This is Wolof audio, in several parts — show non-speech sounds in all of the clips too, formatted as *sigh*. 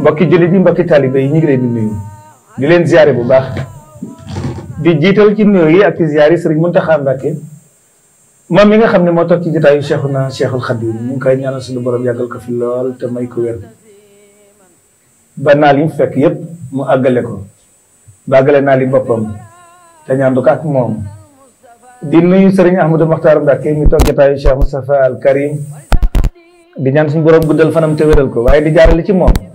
mbokki jullit yi mbokki taalibe yi ñu ngi leen di nuyu di leen ziare bu baax di jiital ci nuyu yi ak ci ziare sëriñ Muntaxa Mbàkke moom mi nga xam ne moo toog ci jotaayu Cheikhuna Cheikhul Khadim mu ngi koy ñaanal suñu borom yàggal ko fi lool te may ko ba naal yi mu fekk mu àggale ko bàggale naal yi boppam te ñaandu ko moom di nuyu sëriñ Ahmadou Makhtar Mbàkke mi toog jotaayu Cheikh Moustapha Al Karim di ñaan suñu borom guddal fanam te wéral ko waaye di jaarale ci moom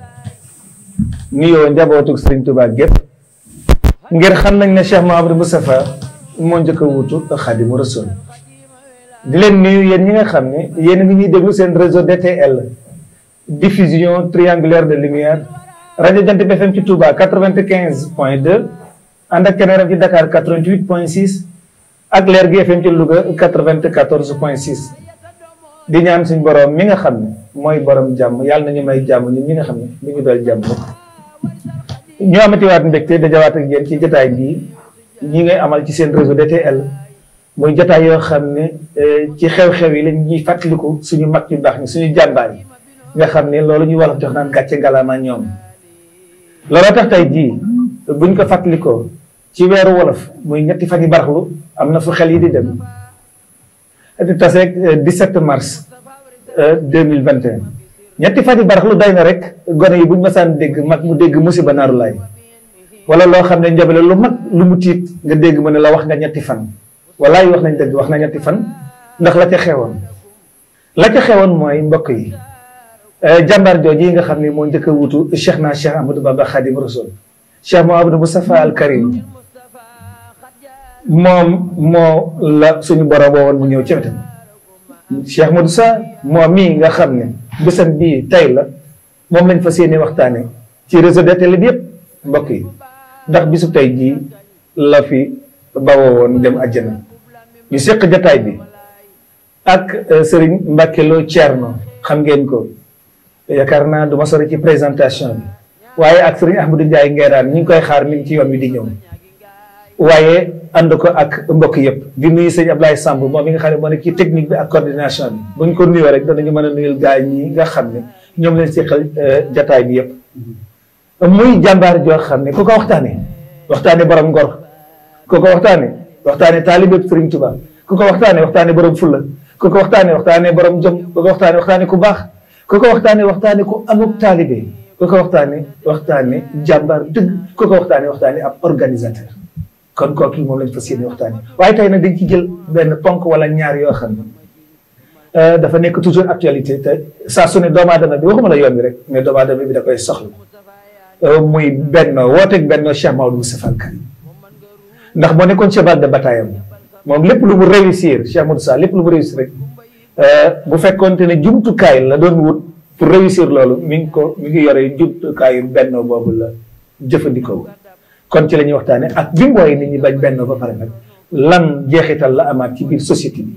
nuyoo njabootug Sëriñ Tuubaa gépp ngir xam nañ ne Cheikh Mouhamadou Moustapha moo njëkk a wuutu Xaadimu Rasuul di leen nuyu yéen ñi nga xam ne yéen a ngi ñuy déglu seen réseau DTL diffusion triangulaire de lumière rajo Jant bi FM ci Touba 95 point 2 ànd ak keneen ci Dakar 88 point 6 ak leer gi FM ci Louga 94 point 6. di ñaan suñ borom mi nga xam ne mooy borom jàmm yàlla ñu may jàmm ñun ñi nga xam ne lu ñu dool jàmm ñu amatiwaat mbégte dajawaat ak yéen ci jotaay bii ñi ngay amal ci seen réseau el muy jotaay yoo xam ne eh, ci xew-xew yi lañ ñuy fàttaliku suñu mat ñu baax ñi suñu jàmbaar yi nga xam ne loolu ñu wala jox naan gàcce ngalaama ñoom looloo tax tey jii buñ ko fàttalikoo ci weeru wolof muy ñetti fan yi baraxlu am na fu xel yi di dem di taseeg 17 mars 2021 eh, ñetti fan yi barax lu day na rek gone yi buñ masaan dégg mag mu dégg musiba naaru lay wala loo xam ne njabale lu mag lu mu tiit nga dégg mu ne la wax nga ñetti fan walaay wax nañ dëgg wax na ñetti fan ndax la ca xewoon la ca xewoon mooy mbokk yi eh, jàmbaar jooju yi nga xam ne moo njëkk a wutu Cheikh naa Cheikh Ahmadou Bamba Khadim Rasoul Cheikh Mouhamadou Moustapha Al Karim moom moo la suñu borom woowoon mu ñëw ci wetam Cheikh Modou Sa moom mii nga xam ne bésam bii tey la moom lañ fa seeni waxtaane ci réseau de tele bi yëpp mbokk yi ndax bisu tey jii la fi bawoo woon dem àjjana ñu seq jataay bi ak euh, sëriñ Mbacke Lo Thierno xam ngeen ko yakaar naa du ma sori ci présentation bi waaye ak Serigne Ahmadou Ndiaye Nguerane ñu ngi koy xaar mi ngi ci yoon wi di ñëw waaye ànd ko ak mbokk yëpp di nuyu sëñ Ablaye Samb moom i nga xam ne moo nekk technique bi ak coordination bi bu ñu ko nuyoo rek danañu mën a nuyul gaa ñi nga xam ne ñoom leen si xel jataay bi yëpp muy jàmbaar joo xam ne ku ko waxtaane waxtaane borom ngor ku ko waxtaane waxtaane taalibe Sëriñ Tuubaa ku ko waxtaane waxtaane borom fulla ku ko waxtaane waxtaane borom jom ku ko waxtaane waxtaane baax ku ko waxtaane waxtaane ku amuk taalibe ku ko waxtaane waxtaane jàmbaar dëgg ku ko waxtaane waxtaane ab organisateur kon kooku moom lañ fas yéene waxtaanee waaye tey nag dañ ci jël benn ponk wala ñaar yoo xam ne euh, dafa nekk toujours actualité te saa su ne doomu aadama bi waxuma la yoon bi rek mais doomu aadama bi da koy soxla euh, muy bennoo wooteeg bennoo Cheikh Maodo Moustapha Al Karim ndax moo nekkoon cheval de bataille am moom lépp lu mu réussir Cheikh Maodo lépp lu mu réussir rek euh, bu fekkoonte ne jumtukaay la doon wut pour réussir loolu mi ngi ko mi ngi yore jumtukaayu bennoo boobu la jëfandikoo. kon ci la ñuy waxtaane ak bi mu wooyee nit ñi bañ benn ba pare nag lan jeexital la amaat ci biir société bi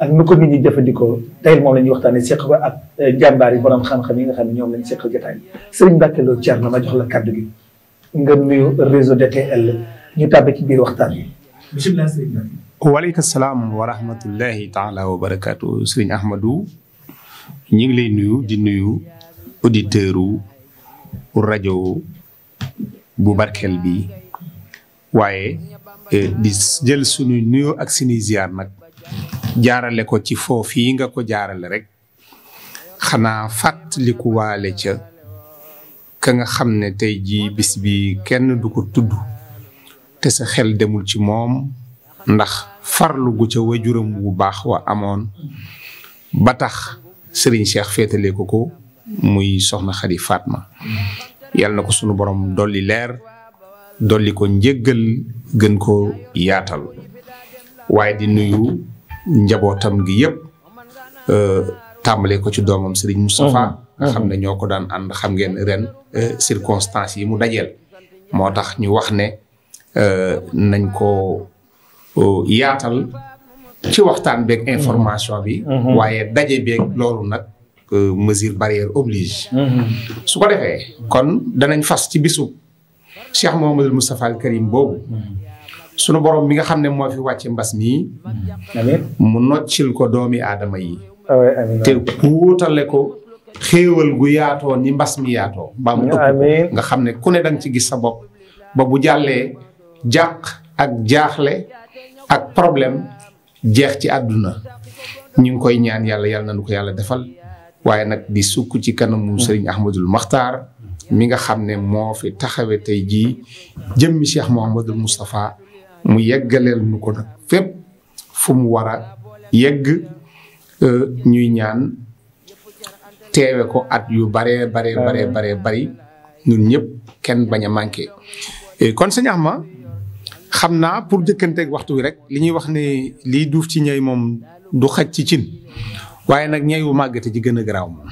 ak nu ko nit ñi jëfandikoo tey moom la ñuy waxtaane seq ko ak eh, jàmbaar yi borom xam-xam yi nga xam ñoom lañ seqal jotaay bi sëriñ Mbacke ma jox la kàddu gi nga nuyu réseau DTL ñu tàbbi ci biir waxtaan bi bisimilah sëriñ Mbacke waaleykum salaam wa rahmatullahi taala wa barakaatu sëriñ Ahmadou ñu ngi lay nuyu di nuyu auditeurs u rajo bu barkeel bi waaye eh, di jël sunuy nuyoo ak sunuy ziar nag jaarale ko ci foofu yi nga ko jaarale rek xanaa fàttaliku waale ca ka nga xam ne tey jii bis bi kenn du ko tudd te sa xel demul ci moom ndax farlu gu ca juróom wu baax wa amoon ba tax Serigne Cheikh féetale ko muy soxna Xadi Fatma yàlla na ko sunu borom dolli leer dolli ko njëggal gën ko yaatal waaye di nuyu njabootam gi yëpp euh, tàmbale ko ci doomam Serigne Moustapha nga xam ne ñoo ko daan ànd xam ngeen ren euh, circonstances yi mu dajeel moo tax ñu wax ne euh, nañ ko yaatal ci waxtaan beeg information bi waaye daje beeg loolu nag mesure barrière oblige. Mm-hmm. su ko defee kon danañ fas ci bisu Cheikh Mouhamadul Moustapha al Karim boobu. Mm-hmm. sunu borom bi nga xam ne moo fi wàcce mbas mii. Mm-hmm. mu noccil ko doomi aadama yi. Ah te puutale ko xéewal gu yaatoo ni mbas mi yaatoo. mbaa mu ëpp nga xam ne ku ne danga ci gis sa bopp. ba bu jàllee jàq ak jaaxle ak problème jeex ci àdduna ñu ngi koy ñaan yàlla yàlla nañu ko yàlla defal. waaye nag di sukk ci kanamu mm. Serigne Ahmadul Maxtaar mi nga xam ne moo fi taxawe tey jii jëmmi Cheikh Mouhamadul Moustapha mu yeggaleel nu ko nag fépp fu mu war a yegg euh, ñuy ñaan teewe ko at yu baree baree baree mm. bari ñun ñëpp kenn bañ a manqué kon sëñ Axma xam naa pour jëkkanteeg waxtu wi rek li ñuy wax ne liy duuf ci ñey moom du xaj ci cin waaye nag ñeewu màggate ci gën a garaaw moom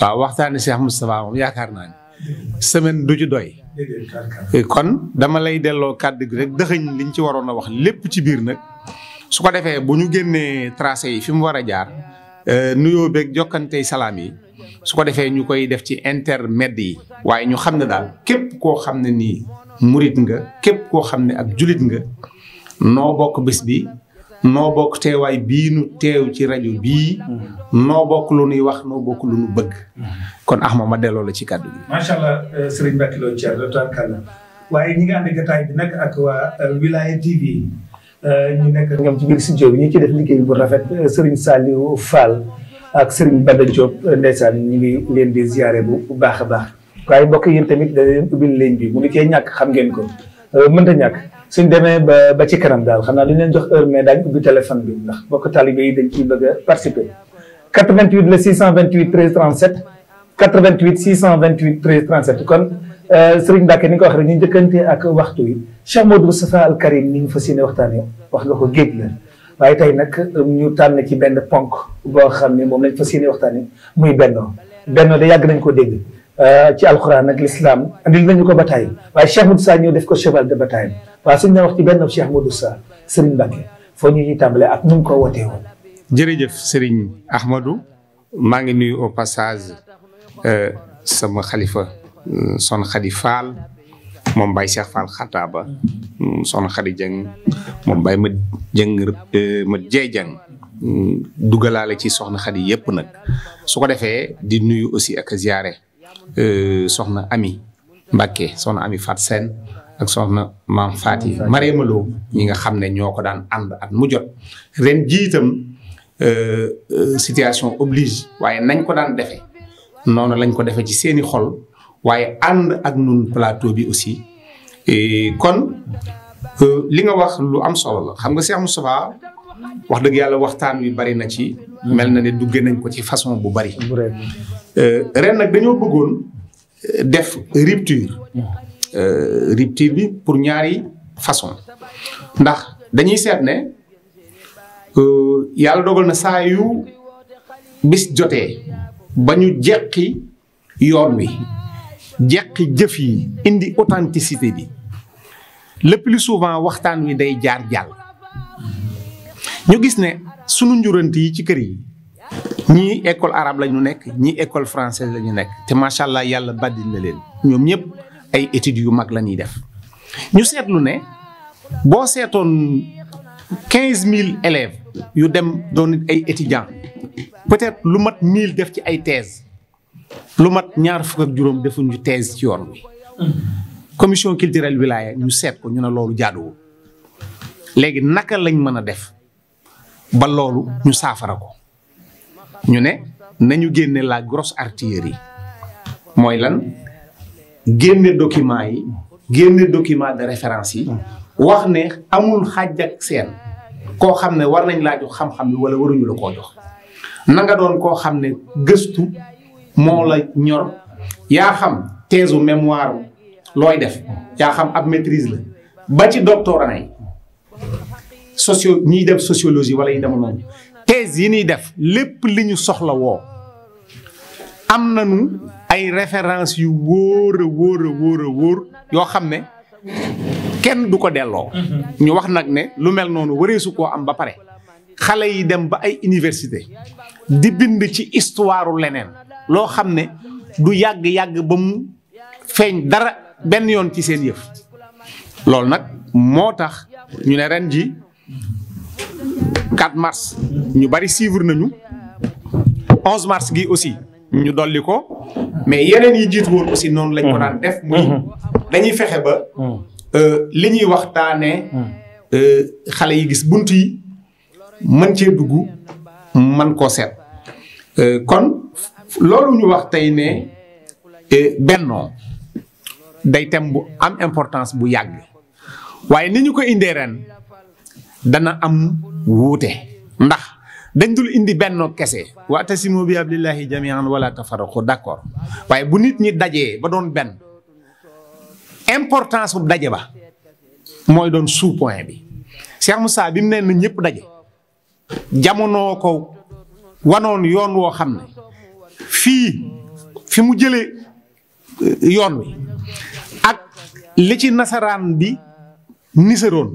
waaw waxtaane Cheikh Moustapha moom yaakaar naa ni semaine du ci doy kon dama lay delloo kàdd gi rek dëxëñ liñ ci waroon a wax lépp ci biir nag su ko defee bu ñu génnee tracé yi fi mu war a jaar euh, nuyoo beeg jokkantey salaam yi su ko defee ñu koy def ci intermède yi waaye ñu xam ne daal képp koo xam ne nii murit nga képp koo xam ne ak julit nga noo bokk bis bi noo bokk teewaay bii nu teew ci rajo bii noo bokk lu nuy wax noo bokk lu nu bëgg kon Axma ma delloo la ci kàddu gi. macha allah euh, Serigne Mbacke Lo Thierno Tarkalla waaye ñi nga ànd jotaay bi nag ak waa euh, Wilaya TV euh, ñu nekk. ñoom ci biir si bi ñu ci def liggéey bu rafet Serigne Saliou Fall ak Serigne Bada Diop ndeysaan ñu ngi leen bi ziare bu baax a baax waaye mbokk yéen tamit da leen ubbil leen bi mu nu cee ñàkk xam ngeen ko mënta ñàkk. suñ demee ba ba ci kanam daal xam naa duñ leen jox heure mais daañu ubbi téléphone bi ndax bokk talibé yi dañ ciy bëgg a participer 88 la 628 13 37 88 628 13 37 kon euh, Serigne Mbacke ni nga ko waxee rek ñu ak waxtu yi Cheikh Modou Moustapha Al Karim ni ñu fas yéene waxtaanee wax nga ko géej la waaye tey nag um, ñu tànn ci benn ponk boo xam ne moom nañ fas yéene waxtaanee muy benno benno de yàgg nañ ko dégg. Euh, ci alxuraan ak lislaam andil nañu ko bataay waaye Cheikh Modou Sa ñëw def ko cheval de bataille waaye suñ na wax ci benn Cheikh Modou Sa Serigne foo ñu ñuy tàmbalee ak nu mu ko wootee woon. jërëjëf Serigne Ahmadou maa ngi nuyu au passage euh, sama xalifa euh, son xadi Fall moom Baye Cheikh Fall Xataaba son xadi Dieng moom Baye ma Dieng ma Dieng dugalaale ci soxna xadi yëpp nag su ko defee di nuyu aussi ak ziare. Euh, soxna Ami Mbacke soxna Ami Fat seen ak soxna maam Fati Mariama Lo ñi nga xam ne ñoo ko daan ànd ak mu jot ren jiitam itam euh, euh, situation oblige waaye nañ ko daan defee noonu lañ ko defee ci seeni xol waaye ànd ak nun plateau bi aussi kon li nga wax lu am solo la xam nga Cheikh Moustapha wax dëgg yàlla waxtaan wi bari na ci mel na ne dugge nañ ko ci façon bu bari Euh, ren nag dañoo bëggoon euh, def rupture euh, rupture bi pour ñaari façon ndax dañuy seet ne yàlla dogal na saa yu bis jotee ba ñu jeqi yoon wi jeqi jëf yi indi authenticité bi le plus souvent waxtaan wi day jaar jàll ñu gis ne sunu njurant yi ci kër yi ñii école arabe la ñu nekk ñii école française la ñu nekk te macha allah yàlla bàddil na leen ñoom ñëpp ay études yu mag la ñuy def ñu seetlu ne boo seetoon quinze mille élèves yu dem doon ay étudiants peut-être lu mat miil def ci ay tees lu mat ñaar fukk ak juróom defuñu tees ci yoon wi. commission culturelle wilaya ñu seet ko ñu ne loolu jaaduwul léegi naka lañ mën a def ba loolu ñu saafara ko. ñu ne nañu génne la grosse artillerie mooy lan génne document yi génne document de référence yi wax ne amul xàjj ak seen koo xam ne war nañ laa jox xam-xam bi wala waruñu la koo jox na nga doon koo xam ne gëstu moo la ñor yaa xam thèse u mémoire looy def yaa xam ab maîtrise la ba ci doctorat yi socio ñiy def sociologie wala yi dama noonu thèse yi ñuy def lépp li ñu soxla woo am nañu ay référence yu wóor a wóor yoo xam ne kenn du ko delloo mhm. ñu wax nag ne lu mel noonu wareesu koo am ba pare xale yi dem ba ay université di bind ci histoire leneen loo xam ne du yàgg-yàgg ba mu feeñ dara benn yoon ci seen yëf loolu nag moo tax ñu ne ren ji 4 mars ñu bari suivre nañu 11 mars gi aussi ñu dolli ko mais yeneen yi jiitu woon aussi noonu lañu ko daan def muy mhm. dañuy fexe ba mhm. euh, li ñuy waxtaanee mhm. euh, xale yi gis bunt yi mën cee dugg mën koo seet euh, kon loolu ñu wax tey ne bennoo day tem bu am importance bu yàgg waaye ni ñu ko indee ren dana am wuute ndax dañ dul indi benn kese wa'tasimu bi hablillahi jami'an wala tafarraqu d'accord waaye bu nit ñi dajee ba doon benn importance bu daje ba mooy doon sous point bi Cheikh Moussa bi mu ne na ñëpp daje jamono ko wanoon yoon woo xam ne fii fi mu jëlee euh, yoon wi ak li nasaraan bi niseroon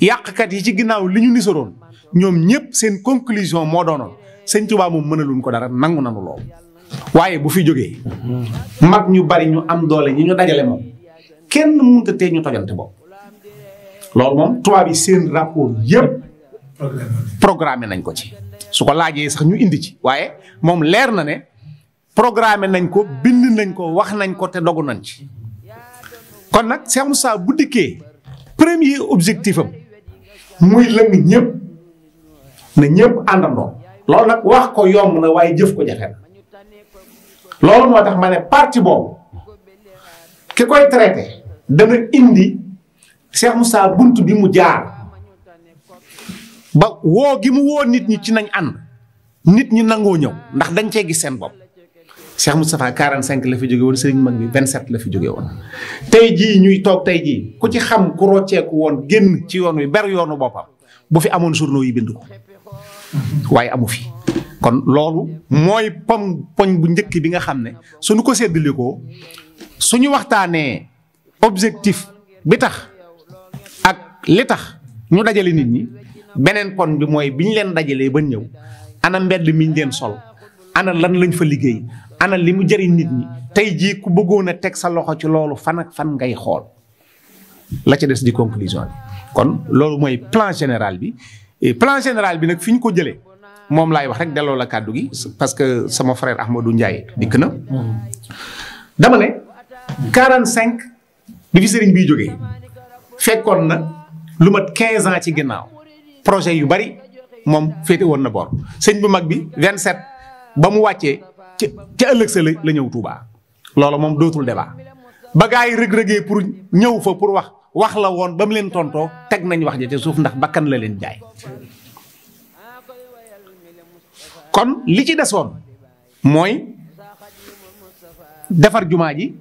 yàqkat yi ci ginnaaw li ñu niseroon ñoom ñëpp seen conclusion moo doonoon sëñ Tuubaa moom mënaluñ ko dara nangu nanu lool. waaye bu fi jógee mag ñu bari ñu am doole ñi ñu dajale moom kenn mënut a tee ñu tojante bopp loolu moom tubaab yi seen rapport yëpp. programme nañ ko ci. su ko laajee sax ñu indi ci waaye moom leer na ne programme nañ ko bind nañ ko wax nañ ko te dogu nañ ci kon nag Cheikh Moussa bu dikkee. premier objectif am muy lëng ñëpp na ñëpp àndandoo loolu nag wax ko yomb na waaye jëf ko jafe na loolu moo tax ma ne parti boobu ki koy traité dana indi Cheikh Moussa bunt bi mu jaar ba woo gi mu woo nit ñi ci nañ ànd nit ñi nangoo ñëw ndax dañ cee gis seen bopp Cheikh Moustapha 45 la fi jóge woon Serigne Mag bi 27 la fi jóge woon tey jii ñuy toog tey jii ku ci xam ku ceek woon génn ci yoon wi ber yoonu boppam bu fi amoon journaux yi bind ko waaye amu fi. kon loolu mooy pom poñ bu njëkk bi nga xam ne suñu ko séddalikoo suñu waxtaanee objectif bi tax ak li tax ñu dajale nit ñi beneen poñ bi mooy bi ñu leen dajalee ba ñëw ana mbedd mi ñu leen sol ana lan lañ fa liggéey. ana li mu jëriñ nit ñi tey jii ku bëggoon a teg sa loxo ci loolu fan ak fan ngay xool la ci des di conclusion kon loolu mooy plan général bi plan général bi nag fi ñu ko jëlee moom laay wax rek delloo la kàddu gi parce que sama frère Ahmadou Ndiaye dikk na. dama ne cinq bi fi sëriñ biy jógee fekkoon na lu mat 15 ans ci ginnaaw projet yu bari moom féete woon na boor sëñ bu mag bi 27 ba mu wàccee. ci ca ëllëg sa la ñëw Touba loolo moom dootul débat ba gaa yi rëg-rëgee pour ñëw fa pour wax wax la woon ba mu leen tontoo teg nañ wax ja ci suuf ndax bakkan la leen jaay kon li ci desoon mooy defar jumaa ji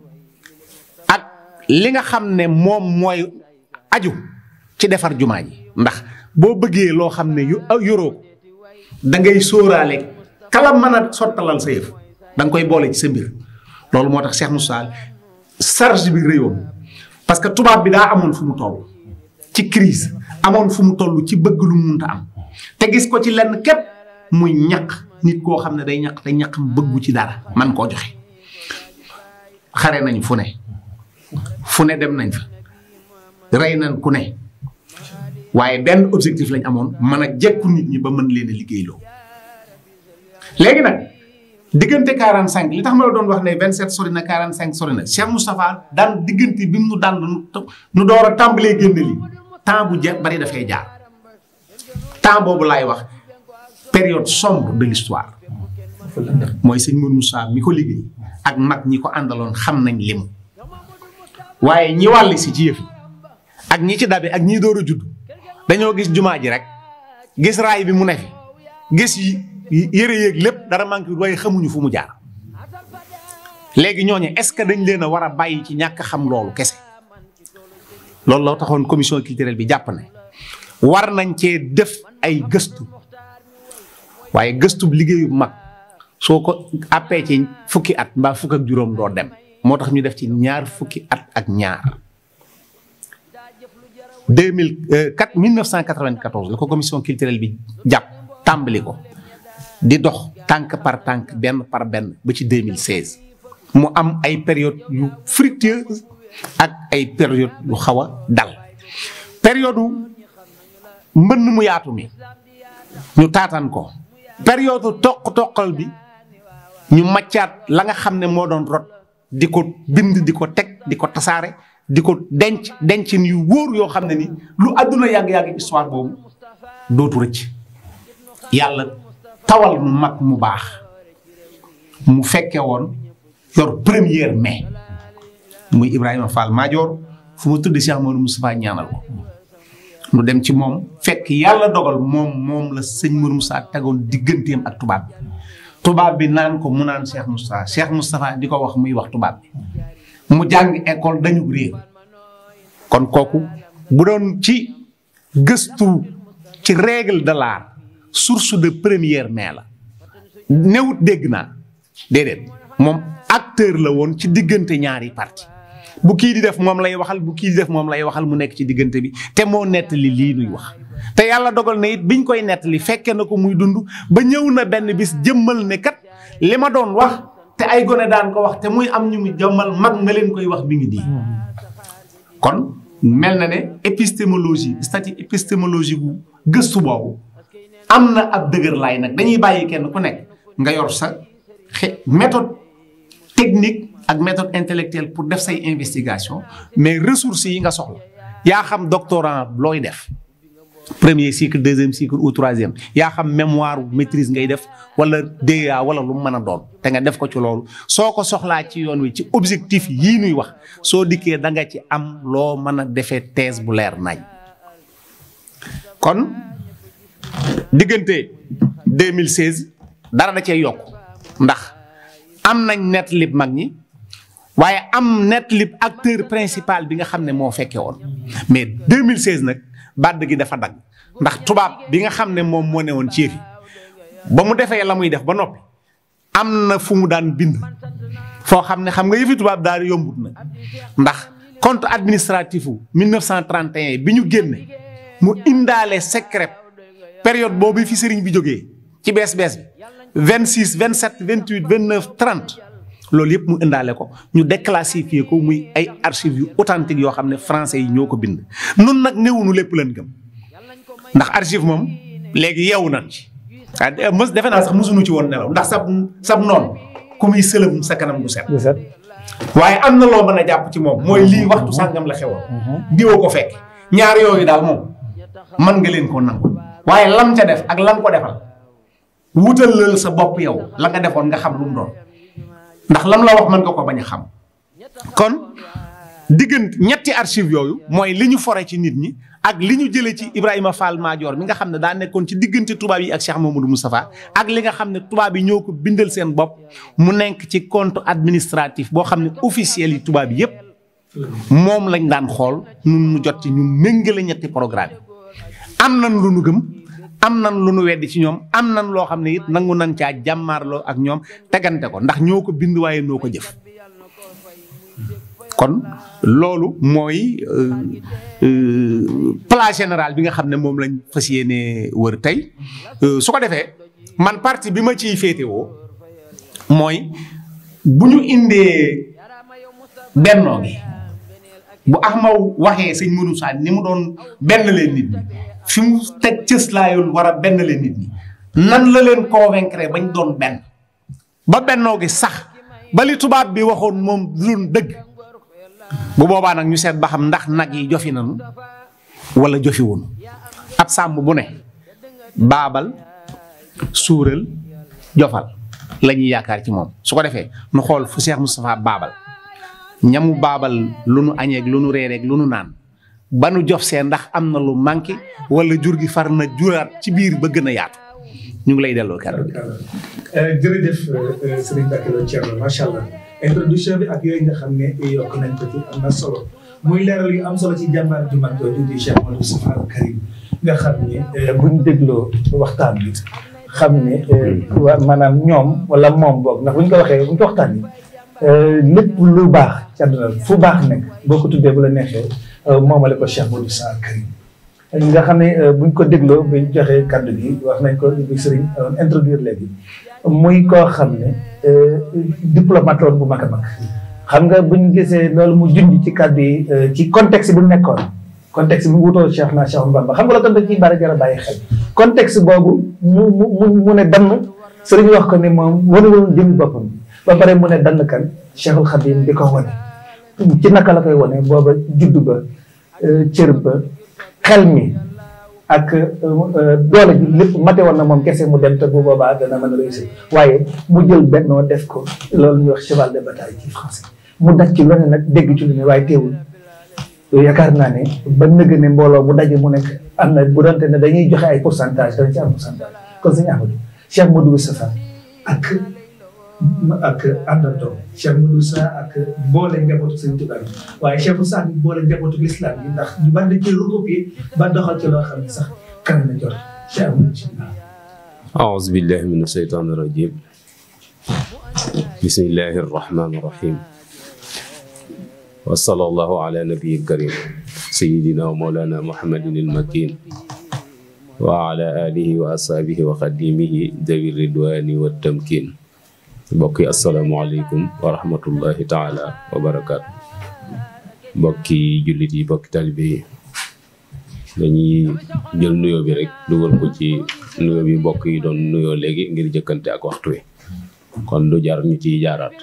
ak li nga xam ne moom mooy aju ci defar jumaa ji ndax boo bëggee loo xam ne yu yoroo dangay ngay sóoraale kala mën a sottalal sa yëf danga koy boole ci sa mbir loolu moo tax Cheikh saal charge bi réewoon parce que tubaab bi daa amoon fu mu toll ci crise amoon fu mu toll ci bëgg lu munta am te gis ko ci lenn képp muy ñaq nit koo xam ne day ñaq te ñaq bëggu ci dara man koo joxe xare nañu fu ne fu ne dem nañ fa rey nañ ku ne waaye benn objectif lañ amoon mën a jekku nit ñi ba mën leen a liggéeyloo léegi nag diggante 45 li tax ma la doon wax ne 27 sori na 45 sori na Cheikh Moustapha daan diggante bi mu daan nu door a tàmbalee génn li temps bu jeex bari dafay jaar temps boobu laay wax période sombre de l'histoire mooy sëñ Mourou Moussa mi ko liggéey ak nag ñi ko àndaloon xam nañ limu waaye ñi wàll ci yëf ak ñi ci dabe ak ñii door a dañoo gis jumaa ji rek gis raay bi mu ne gis yi yëre yéeg lépp dara manqué wut waaye xamuñu fu mu jaar léegi ñooñu est-ce que dañ leen a war a bàyyi ci ñàkk xam loolu kese loolu loo taxoon commission culturelle bi jàpp na war nañ cee def ay gëstu waaye gëstu liggéeyu mag soo ko àppee ci fukki at mbaa fukk ak juróom doo dem moo tax ñu def ci ñaar fukki at ak ñaar deux mille euh, quatre mille neuf cent quatre-vingt-quatorze la ko commission culturelle bi jàpp tàmbali ko di dox tànk par tànk benn par benn ba ci 2016 mu am ay période yu fructueuse ak ay période yu xaw a dal période mbënn mu yaatu mi ñu taataan ko période toq-toqal bi ñu maccaat la nga xam ne moo doon rot di ko bind di ko teg di ko tasaare di ko denc dencin yu wóor yoo xam ne ni lu àdduna yàgg-yàgg histoire boobu dootu rëcc yàlla tawal mu mag mu baax mu fekke woon yor première mai muy Ibrahima Fall Madior fu ma tudd Cheikh Modou Moustapha ñaanal ko mu dem ci moom fekk yàlla dogal moom moom la sëñ Modou Moustapha tegoon digganteem ak tubaab bi tubaab bi naan ko mu naan Cheikh Moustapha Cheikh Moustapha di ko wax muy wax tubaab bi mu jàng école dañu réer kon kooku bu doon ci gëstu ci règle de source de première main la newut dégg naa déedéet moom acteur la woon ci diggante ñaari parti bu kii di def moom lay waxal bu kii di def moom lay waxal mu nekk ci diggante bi te moo nettali lii nuy wax te yàlla dogal na it biñ koy nettali fekke na ko muy dund ba ñëw na benn bis jëmmal ne kat li ma doon wax te ay gone daan ko wax te muy am ñu mu jëmmal mag nga leen koy wax bi ngi nii kon mel na ne épistémologie c'est-à-dire épistémologie gu gëstu boobu am na ab dëgër laay nag dañuy bàyyi kenn ku nekk nga yor sa méthode technique ak méthode intellectuelle pour def say investigation mais ressources yi nga soxla yaa xam doctorant looy def premier cycle deuxième cycle ou yaa xam mémoire maîtrise ngay def wala DEA wala lu mu mën a doon te nga def ko ci loolu soo ko soxlaa ci yoon wi ci objectif yii nuy wax soo dikkee danga ci am loo mën a defee thèse bu leer nañ diggante 2016 dara da cee yokk ndax am nañ net lib mag ñi waaye am nett lib acteur principal bi nga xam ne moo fekke woon mais 2016 nag bàdd gi dafa dagg ndax tubaab bi nga xam ne moom moo ne woon ci yëfi ba mu defee la muy def ba noppi am na fu mu daan bind foo xam ne xam nga yëfi tubaab daal yombut na ndax compte administratif u 1931 bi ñu génne mu indaale secret période boobu fi sëriñ bi jógee ci bees bees bi vingt 27 28 29 30 loolu yëpp mu indaale ko ñu déclassifié ko muy ay archives yu authentique yoo xam ne français yi ñoo ko bind. nun nag néewunu lépp lañ gëm ndax archive moom léegi yeewu nañ ci ah defe naa sax mosuñu ci woon nelaw ndax sab sab noonu ku muy sëlëm sa kanam du set. waaye am na loo mën a jàpp ci moom mooy lii waxtu sàngam la xewoon. Mhm. diwa ko fekk ñaar yooyu daal moom mën nga leen koo nangu. waaye lam ca def ak lam ko defal wutal lël sa bopp yow la nga defoon nga xam lu doon ndax lam la wax mën nga ko bañ a xam kon diggante ñetti archive yooyu mooy li ñu fore ci nit ñi ak li ñu jëlee ci Ibrahima Fall Madior mi nga xam ne daa nekkoon ci diggante tubaab yi ak Cheikh Mamadou Moustapha ak li nga xam ne tubaab yi ñoo ko bindal seen bopp mu nekk ci compte administratif boo xam ne officiel yi tubaab yi yépp moom lañ daan xool ñun mu jot ci ñu méngale ñetti programme am nan lu nu gëm am nan lu nu weddi ci ñoom am nan loo xam ne it nangu nan caa jàmmaarloo ak ñoom tegante ko ndax ñoo ko bind waaye noo ko jëf kon loolu mooy euh, euh, plan général bi nga xam ne moom lañ fas yéene wër tey euh, su ko defee man partie bi ma ciy féetewoo mooy bu ñu indee bennoo gi bu Ahmaw waxee sëñ mënu saa ni mu doon benn leen nit fi mu teg cëslaayoon war a benn leen nit ñi nan la leen convaincre bañ doon benn ba bennoo gi sax bali tubaab bi waxoon moom du doon dëgg bu boobaa nag ñu seet ba xam ndax nag yi jofi nanu walla jofi woon ab sàmm bu ne baabal suural jofal la ñuy yaakaar ci moom su ko defee nu xool fu Cheikh Moustapha baabal ñamu baabal lu nu añeeg lu nu reereeg lu nu naan ba nu jof see ndax am na lu manqué wala jur gi far na juraat ci biir ba gën a yaatu ñu ngi lay delloo kàddu gi. Eh, jërëjëf eh, eh, Serigne Mbacké Lo Thierno macha allah introduction bi ak yooyu nga xam ne yokk nañ ko muy leeral yu am solo ci jàmbaar ju mag jooju dégloo waxtaan bi xam ne wa maanaam ñoom wala moom boobu ndax buñ ko waxee buñ ko waxtaan bi lépp lu baax ci àdduna fu baax nekk boo ko tuddee bu la neexee. Euh, moomale ko Cheikh Modou Sa Karim nga xam ne euh, buñ ko dégloo buñ joxee kàddu gi wax nañ ko bi Serigne euh, introduire léegi muy koo xam ne diplomate woon bu mag a xam nga buñ gisee loolu mu junj ci kàddu yi ci contexte bi mu nekkoon contexte bi mu wutoo Cheikh naa Cheikh ba xam nga la tam dañ bari jar a bàyyi xel contexte boobu mu mu mu ne dann Serigne wax ko ne moom wane woon jëmi boppam ba pare mu ne dann kan Cheikhul Khadim di ko wane ci naka la koy wane booba juddu ba euh, cër ba xel mi ak euh, euh, doole ji lépp mate woon na moom kese mu dem te bu boobaa dana mën a réussir waaye mu jël bennoo def ko loolu ñuy wax cheval de bataille ci français mu daj ci lu nag dégg ci lu ne waaye teewul yaakaar naa ne ba nëgg ne mbooloo bu daje mu nekk am na bu doonte ne dañuy joxe ay pourcentage dañ ci am pourcentage kon suñu Ahmadou Cheikh Modou Moustapha ak ak àndandoo Cheikh Modou Sa ak boole njabootu Sëriñ Tuubaa bi waaye Cheikh Moussa ak boole njabootu l'islam bi ndax ñu ban da cee regroupé ba doxal ci loo xam ne sax kanam na jot Cheikh Amadou bismillah aouzu billahi min asheytaani rajim bismillahi arrahmani arrahim wa sallallahu ala nabiyyil karim sayyidina wa mawlana muhammadin al-makin wa ala alihi wa ashabihi wa xadimihi dawi ridwani wa tamkin mbokk yi asalaamaaleykum wa rahmatullahi taala wa barakaatu mbokki jullit yi mbokki talibe yi dañuy jël nuyoo bi rek dugal ko ci nuyoo bi mbokk yi doon nuyoo léegi ngir jëkkante ak waxtu wi kon du jar ñu ciy jaaraat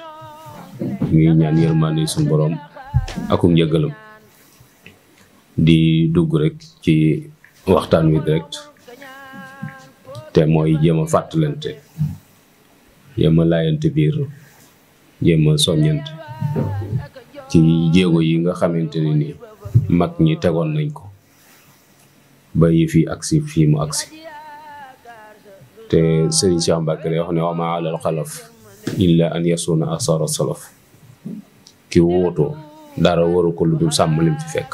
ngi ñaan yërmande suñu borom akum njëgalam di dugg rek ci waxtaan wi direct te mooy jéem a fàttalante jéem a laayante biir jéem a soññant ci jéego yi nga xamante ne ni mag ñi tegoon nañ ko ba yi yi agsi fii mu aksi te Serigne Cheikh Mbacke day wax ne wa maa alal xalaf illa an yasuna asara ki wootoo dara waru ko lu sàmm lim fi fekk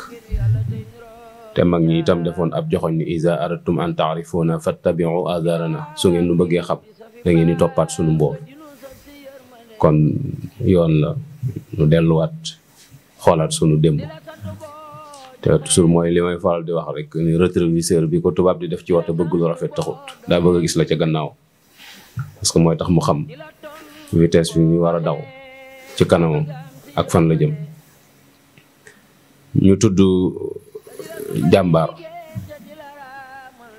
te mag ñi itam defoon ab joxoñ ni iza aratum an taarifuna fattabiu azarana su ngeen nu bëggee xam da ngeen di toppaat sunu mboor kon yoon la nu delluwaat xoolaat sunu démb te toujours mooy li may faral di wax rek ni rétroviseur bi ko tubaab di def ci waxtu bëgg lu rafet taxut daa bëgg a gis la ci gannaaw parce que mooy tax mu xam vitesse bi ñu war a daw ci kanamam ak fan la jëm ñu tudd euh, jàmbaar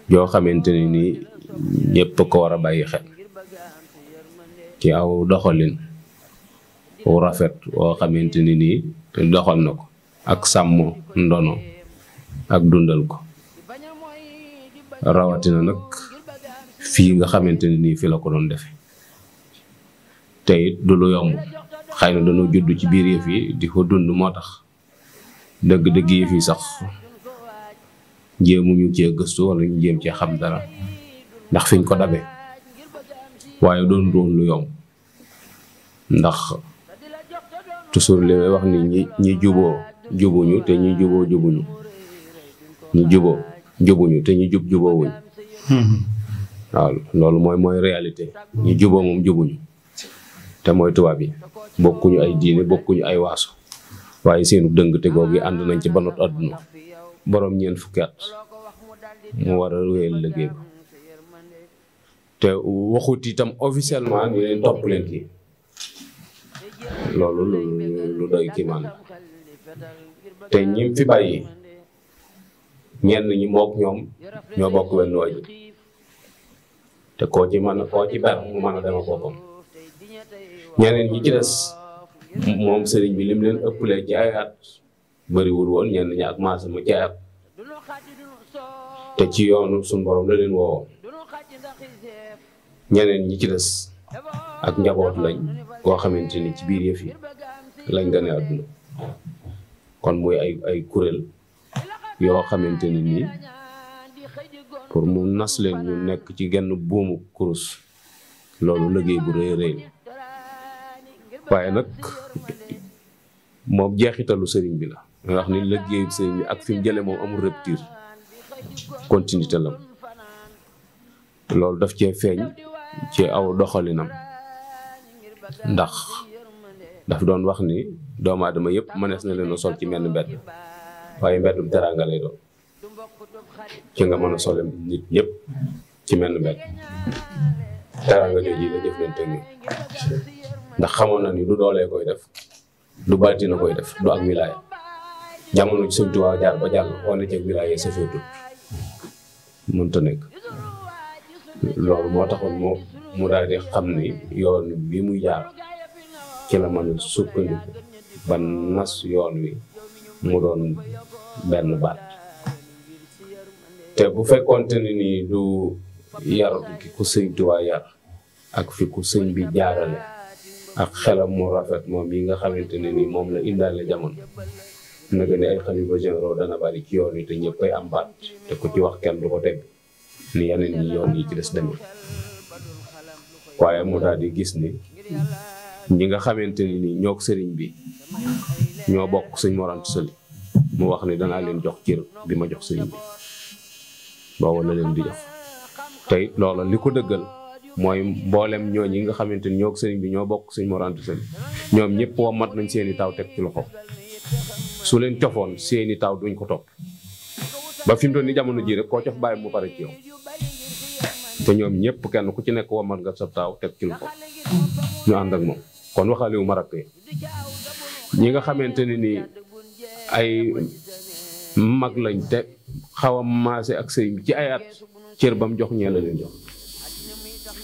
joo xamante ni nii ñëpp ko war a bàyyi xel ci aw doxalin wu rafet woo xamante ni nii te doxal na ko ak sàmm ndono ak dundal ko rawatina nag fii nga xamante ni nii fi la ko doon defe te it du lu yomb xëy na dañoo judd ci biir yëf yi di ko dund moo tax dëgg-dëgg yëf sax jéemu ñu cee gëstu wala ñu jéem cee xam dara ndax fiñ ko dabe waaye doon doon lu ndax toujours li wax ni ñi ñi juboo jubuñu te ñi juboo jubuñu ñi juboo jubuñu te ñi jub juboo wuñ loolu mooy mooy réalité ñi juboo moom jubuñu te mooy tubaab yi bokkuñu ay diine bokkuñu ay waaso waaye seenu dëng te googu yi ànd nañ ci ba not àdduna boroom ñeent fukki at mu war a wéyal te waxut itam officiellement ñu leen topp leen kii loolu lu lu doy kii maanaam te ñim fi bàyyi ñenn ñi mook ñoom ñoo bokk benn waajur te koo ci mën a koo ci a dema boppam ñi ci des moom sëriñ bi lim leen ëppalee ci ay at woon ñenn ñi ak maasa ma ci ay te ci yoonu suñu la leen woowoon ñeneen ñi ci des ak njaboot lañ koo xamante ni ci biir yëf yi lañ gane àdduna kon muy ay ay kuréel yoo xamante ni nii pour mu nas leen ñu nekk ci genn buumu kurus loolu liggéey bu rëy rëy waaye nag moom jeexitalu sëriñ bi la nga wax ni liggéey sëriñ bi ak fi mu jële moom amul rupture continuité lam loolu daf cee feeñ ci aw doxalinam ndax daf doon wax ni doomaadama aadama yëpp mënees na leen a sol ci menn mbedd waaye mbeddum teraanga lay ci nga mën a sole nit ñëpp ci menn mbedd teraanga jooju la jëflante ñu ndax xamoon na ni du doolee koy def du baatina koy def du ak wilaaya jamono ci Sëñ Tuubaa jaar ba jàll wane ci nekk loolu moo taxoon mu mu daal di xam ni yoon bi mu jaar ci la mën a sukkandiku ba nas yoon wi mu doon benn baat te bu fekkoonte ne ni du yar ki ku sëñ Tuubaa yar ak fi ku sëñ bi jaarale ak xelam mu rafet moom yi nga xamante ne ni moom la indaale jamono naka ne ay xalifa généraux dana bari ci yoon wi te ñëpp ay am baat te ku ci wax kenn du ko tegg ni yeneen yi yoon yi ci des demee waaye mu daal di gis ni ñi nga xamante ni nii sëriñ bi ñoo bokk suñ morant sëli wax ni danaa leen jox cër bi ma jox sëriñ bi boobu la leen di jox tey loola li ko dëggal mooy mboolem ñooñu yi nga xamante ni ñoo sëriñ bi ñoo bokk suñ morant sëli ñoom ñëpp wa mat nañ seeni taw teg ci loxo su leen cofoon seeni taw duñ ko topp ba fi mu toll nii jamono ji rek koo cof bàyyi mu pare ci yow te ñoom ñëpp kenn ku ci nekk wamat nga sab taaw teg ci ko ñu ànd ak moom kon waxaale wu ma rakk yi ñi nga xamante ne nii ay mag lañ te xaw a maase ak sëy ci ay at ba mu jox ñee la leen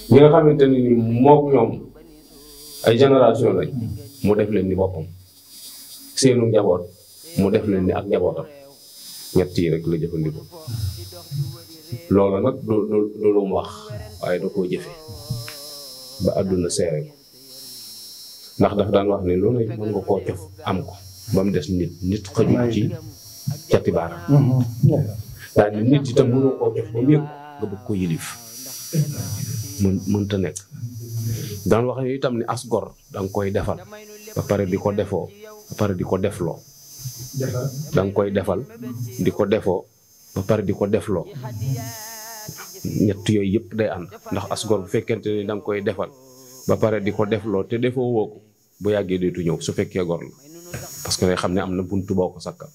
nga xamante ne nii ñoom ay génération lañ mu def leen ni boppam seenu njaboot mu def leen ni ak njabootam ñett yi rek la jëfandikoo loolu nag du du lu mu wax waaye da koo jëfe ba àdduna seere ndax daf daan wax ne loolu ne mën nga koo cof am ko ba mu des nit nit xëju ci cati baaraam daal ni nit itam koo cof ba mu yëg nga bëgg ko yilif mën mënta nekk daan wax ne itam ne as gor danga koy defal ba pare di ko defoo ba pare di ko def loo da nga koy defal di ko defoo ba pare di ko defloo ñett yooyu yëpp day ànd ndax asgor bu fekkente ni da nga koy defal ba pare di ko defloo te defoo ko bu yàggee dootu ñëw su fekkee gor la parce que day xam ne am na buntu boo ko sakkal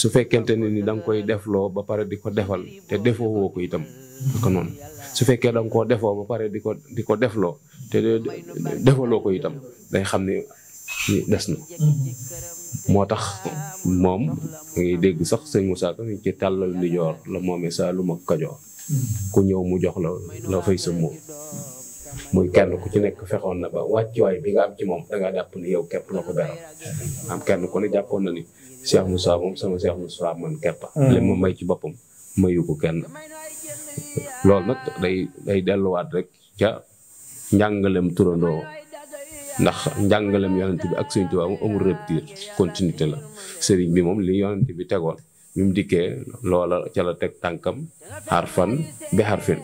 su fekkente ne ni da koy defloo ba pare di ko defal te defoo itam ko noonu su fekkee da koo defoo ba pare di ko di ko defloo te defaloo ko itam day xam ne des na moo tax moom ngay dégg sax sëñ Moussa Ka ci tàllal li joor la moomee Saalum ak Kajoor ku ñëw mu jox la la fay sa moom muy kenn ku ci nekk fexoon na ba wàccuwaay bi nga am ci moom dangaa jàpp ni yow képp la ko beral am kenn ku ne jàppoon na ni Cheikh Moussa moom sama Cheikh Moussa man képp hmm. li ma may ci boppam mayu kenn loolu nag day day delluwaat rek ca njàngalem turandoo ndax njàngalem yonent bi ak Sëriñ Tuubaa mu amul rupture continuité la sëriñ bi moom li yonent bi tegoon bi mu dikkee loola ca la teg tànkam xaar be bi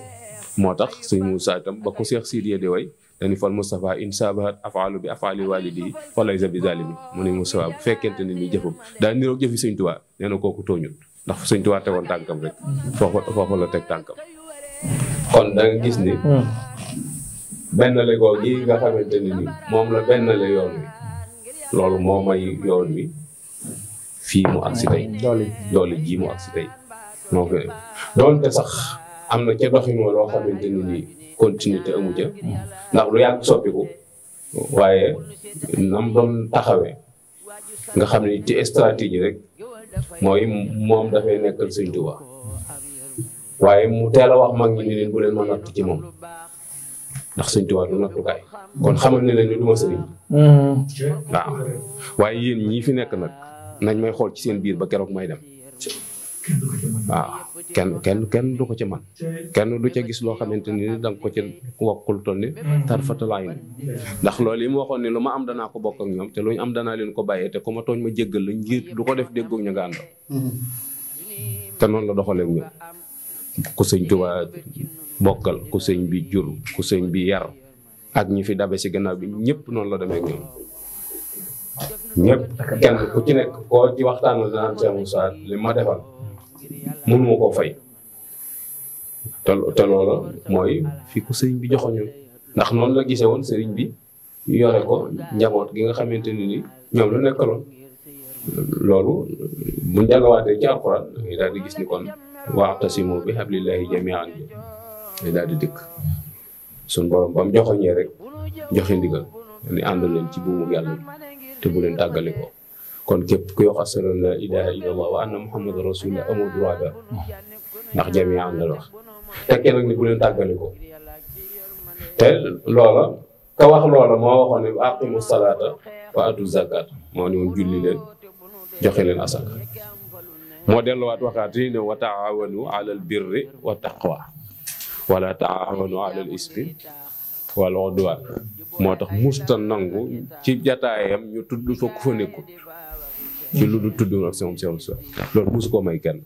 moo tax Sëriñ Muusaa itam ba ko Seex Sidiya di way dañu fal Moustapha in sabahat afaalu bi afaali walidi falay sa bi zalimi mu ne bu fekkente ne ni jëfam daa niroog jëfi Sëriñ Tuubaa nee na kooku tooñut ndax Sëriñ Tuubaa tegoon tànkam rek foofa foofa la teg tànkam kon da gis ni hmm. benn la googu nga xamante ne ni moom la benn la yoon wi loolu moo may yoon wi fii mu agsi tey doole ji mu agsi tey moo ko doonte sax am na ca doxin wa loo xamante ne ni continuité amu ca ndax lu yàgg soppiku waaye nam doon taxawee nga xam ne ci stratégie rek mooy moom dafay nekkal Sëñ Tuubaa waaye mu teel a wax mag ñi ni leen bu leen ma natt ci moom ndax sëñ Tuubaa du nattukaay kon xamal ne leen ni du ma mm-hmm. waaw waaye yéen ñii fi nekk nag nañ may xool ci seen biir ba keroog may dem waaw kenn kenn kenn du ko ci man kenn du ca gis loo xamante ni da nga ko ci wokkul toll ni tarfatalaay ndax lool yi mu waxoon ni lu ma am danaa ko bokk ak ñoom te lu am danaa leen ko bàyyee te ku ma tooñ ma jéggal la njiit du ko def déggoo ñu nga àndal mm-hmm. te noonu la doxalee ñoom ku sëñ Tuubaa bokkal ku sëñ bi jur ku sëñ bi yar ak ñi fi dabe si gannaaw bi ñëpp noonu la demee ak ñoom ñëpp kenn ku ci nekk koo ci waxtaanal danaan mu Moussa li ma defal mënu ma koo fay te te mooy fi ku sëriñ bi joxoñoon ndax noonu la gisee woon sëriñ bi yore ko njaboot gi nga xamante ni ñoom la nekkaloon loolu buñ delluwaatee ci alxuraan dañuy di gis ni kon wa atasimu bi hablillahi jamian day daal di dikk suñ borom ba mu joxoñee rek joxe ndigal ni ànd leen ci buumu yàlla te bu leen tàggale ko kon képp ku wax ashadu an la ilaha illallah wa anna muhammadan rasulullah amoo droit daal ndax jamee ànd la wax tekkee nag ni bu leen tàggale ko te loola ka wax loola moo waxoon ne aqimu salaata wa atu zakat moo ne woon leen joxe leen asaka moo delluwaat waxaat yi ne wa taawanu alal birri wa taqwa wala taawanu alal ismi moo tax musta nangu ci jataayam ñu tudd fa ku fa nekkul ci lu du tudd ak sama sama so loolu musu ko may kenn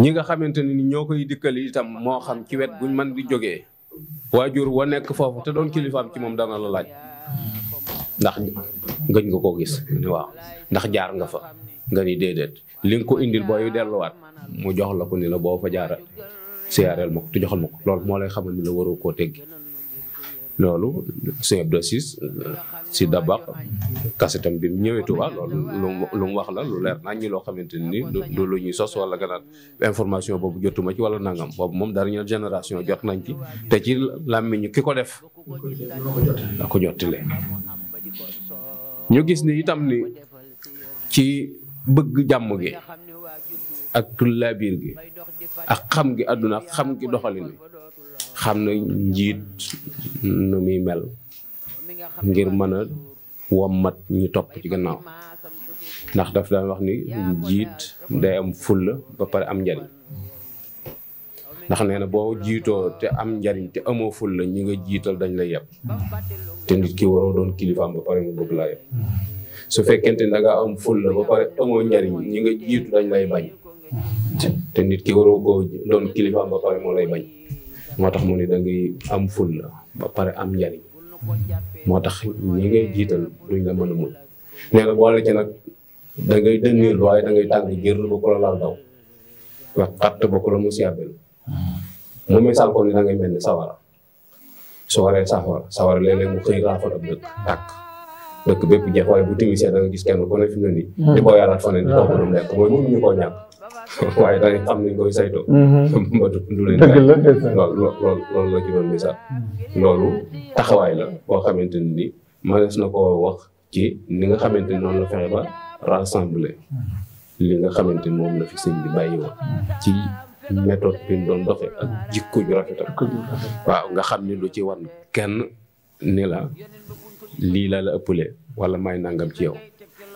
ñi nga xamante ni ñoo koy dikkal itam moo xam ci wet guñ mën di jógee waajur wa nekk foofu te doon kilifaam ci moom dana la laaj ndax gëj nga koo gis ndax jaar nga fa nga ni déedéet li nga ko indil booy delluwaat mu jox la ko ni la boo fa jaaraat siyaareel ma ko te joxal ma loolu moo lay xamal ni la waroo koo teggi loolu sëñ Abdou Assis si dabax kasetam bi mu ñëwee Touba loolu lu mu wax la lu leer nañ ñi loo xamante ni du lu ñuy sos wala gannaaw information boobu jotuma ci wala nangam boobu moom dernière génération jot nañ ci te ci làmmiñu ki ko def da ko jottile ñu gis ni itam ni ci bëgg jàmm gi ak laabiir gi ak xam gi àdduna ak xam gi doxalin wi xam na njiit nu muy mel ngir mën a mat ñu topp ci gannaaw ndax daf daan wax ni njiit day am fulla ba pare am njariñ ndax nee na boo jiitoo te am njariñ te amoo fulla ñi nga jiital dañ la yeb te nit ki waroo doon kilifaam ba pare mu bëgg laa yeb su fekkente ne da am fulla ba pare amoo njariñ ñi nga jiitu dañ lay bañ te nit ki waroo koo doon kilifaam ba pare moo lay bañ moo tax mu ni da am ful la ba pare am njariñ moo tax ñi ngay jiital duñ la mën a mun nee na boole ci nag da ngay dënniir waaye da ngay tàng jërlu ba ko la laal daw nga xatt ba ko la mu siabel mu misaal ko ni dangay mel ni sawara su waree safara sawara léeg-léeg mu xëy raafal ab dëkk dëkk bépp jeex waaye bu timisee da nga gis kenn ku ne fi mu nii mm. di ko yaaraat fa ne di toog lu mu lekk *laughs* waaye da ngay xam ni koy saytoo. Mhm. *laughs* ba du leen. dëgg la loolu loolu misaal. Mhm. loolu taxawaay la boo xamante ne ni mënees na koo wax ci ni nga xamante ni noonu la fexe ba rassembler mhm. li nga xamante ni moom la fi sëñ bi bàyyi woon ci méthode bi doon doxee ak jikko ju rafetal waaw nga xam ni lu ci wan kenn ni la lii la la ëppalee wala may nangam ci yow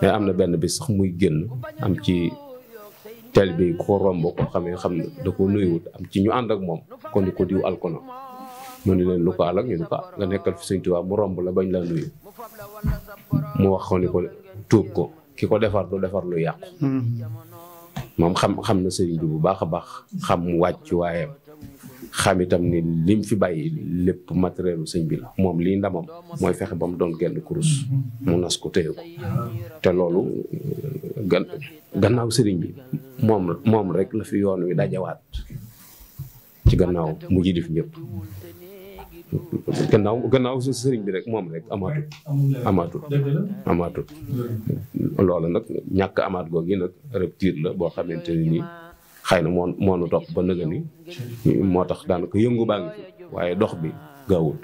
mais am na benn bis sax muy génn am ci tel bi ku ko romb koo xam ne xam ne da ko nuyuwut am ci ñu ànd ak moom kon ko diw alkono mu ne leen lu ko àll ak ñu ne ko ah, nga nekkal fi Sëñ Tuubaa mu romb la bañ la nuyu mu wax ko ni ko tuub ko ki ko defar du defar lu yàqu hmm. moom xam xam na sëriñ bi bu baax a baax xam wàcc xam itam ni lim fi bàyyi lépp matériel sëñ bi moom lii ndamam mooy fexe ba mu doon genn kurus mu nas ko ko te loolu euh, gan gannaaw sëriñ bi moom rek la fi yoon wi dajawaat ci gannaaw mu jidif ñëpp gannaaw gannaaw sëriñ bi rek moom rek amaatut amaatut amaatut loolu nag ñàkk amaat googi nag rupture la boo xamante ni xëy na moo moo nu topp ba nëgë moo tax daanaka yëngu baa ngi fi waaye dox bi gaawut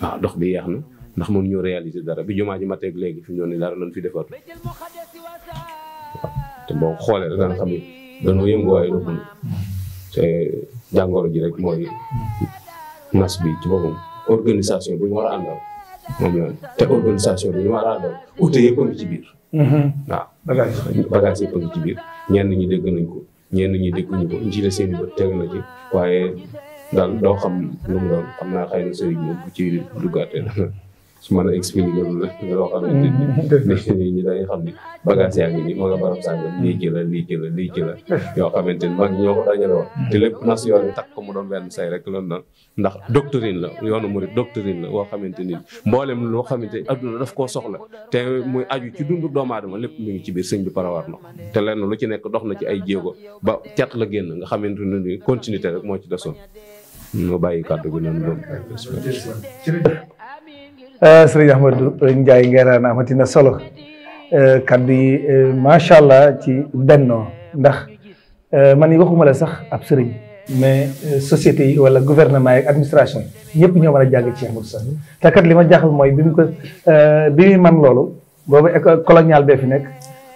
waaw dox bi yeex na ndax mën ñu réaliser dara bi jumaa ji te léegi fi ne dara lañ fi defatu boo xoolee da nga xam yëngu waaye doxul te jàngoro ji rek mooy nas bi ci boppam organisation bi ñu war a àndal moom te organisation bi ñu war a àndal ute yëpp a ngi ci biir. Mm-hmm. waaw bagage bagage a ci biir ñenn ñi dégg nañ ko. ñenn ñi dégguñu ko nji la seen bët tegu na ci waaye daal doo xam lu mu xam naa xëy na sëriñ moom bu ci duggaatee su mën a expliquer loolu la loo xamante ni ñi dañuy xam ni bagage yaa ngi nga barab lii ci la lii ci la yoo xamante ni mag ñoo ko dajale woon te lépp nas yoon mu doon benn say rek loolu noonu ndax doctrine la yoonu murid doctrine la woo xamante ni mboolem loo xamante ni adduna daf koo soxla te muy aju ci dundu doomu aadama lépp mu ngi ci biir sëñ bi parawaar na te lenn lu ci nekk dox na ci ay jéego ba cat la génn nga xamante ne ni continuité rek moo ci desoon. ma bàyyi kàddu gi noonu doon Eh, sëriñ Ahmadou Ndiaye Nguerane amati na solo eh, kaddu yi eh, macha allah ci bennoo ndax man yi waxuma sax ab sëriñ mais société yi wala gouvernement yi administration yi ñoo mën a jàng ci Ahmadou sax te kat li ma jaaxal mooy bi mu ko bi man loolu boobu école coloniale bee fi nekk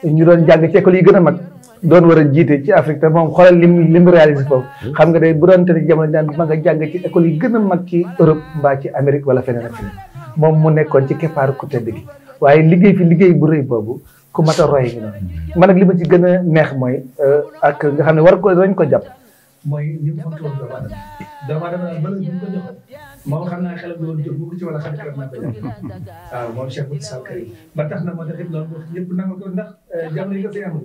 ñu doon jàng ci école yi gën a mag doon war a jiite ci Afrique te moom xoolal lim lim réalisé foofu hmm. xam nga day bu doon te ne jamono daan ma nga jàng ci ecole yi gën a mag ci Europe mbaa ci Amérique wala feneen feneen moom mu nekkoon ci keppaaru ku tedd gi waaye liggéey fi liggéey bu rëy boobu ku mat a roy ñu nag li ma ci gën a neex mooy euh, ak nga xam ne war ko dañ ko jàpp mooy ñi xam naa xelam doon jóg bu moo euh,